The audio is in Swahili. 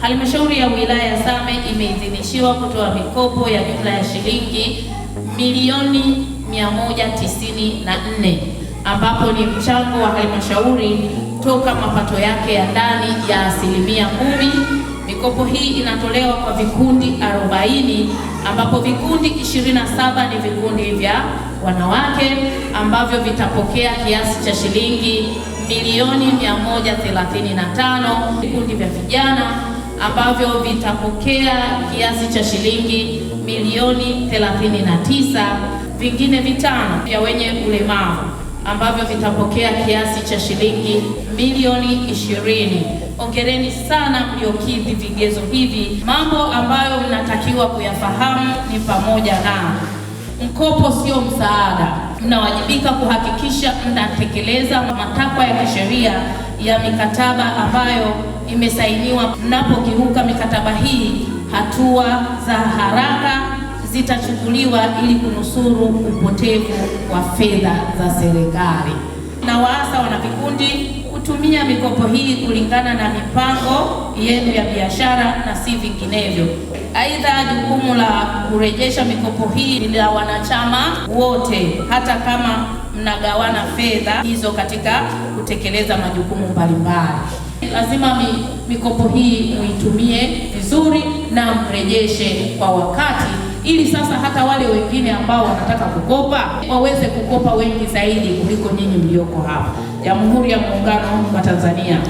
Halmashauri ya wilaya ya Same imeidhinishiwa kutoa mikopo ya jumla ya shilingi milioni 194 ambapo ni mchango wa halmashauri toka mapato yake ya ndani ya asilimia kumi. Mikopo hii inatolewa kwa vikundi 40 ambapo vikundi 27 ni vikundi vya wanawake ambavyo vitapokea kiasi cha shilingi milioni 135, vikundi vya vijana ambavyo vitapokea kiasi cha shilingi milioni 39, vingine vitano vya wenye ulemavu ambavyo vitapokea kiasi cha shilingi milioni 20. Ongereni sana mliokidhi vigezo hivi. Mambo ambayo mnatakiwa kuyafahamu ni pamoja na mkopo sio msaada, mnawajibika kuhakikisha mnatekeleza matakwa ya kisheria ya mikataba ambayo imesainiwa. Mnapokiuka mikataba hii, hatua za haraka zitachukuliwa ili kunusuru upotevu wa fedha za serikali. Na waasa wana vikundi kutumia mikopo hii kulingana na mipango yenu ya biashara na si vinginevyo. Aidha, jukumu la kurejesha mikopo hii ni la wanachama wote, hata kama mnagawana fedha hizo katika kutekeleza majukumu mbalimbali. Lazima mikopo hii muitumie vizuri na mrejeshe kwa wakati, ili sasa hata wale wengine ambao wanataka kukopa waweze kukopa wengi zaidi kuliko nyinyi mlioko hapa. Jamhuri ya Muungano wa Tanzania.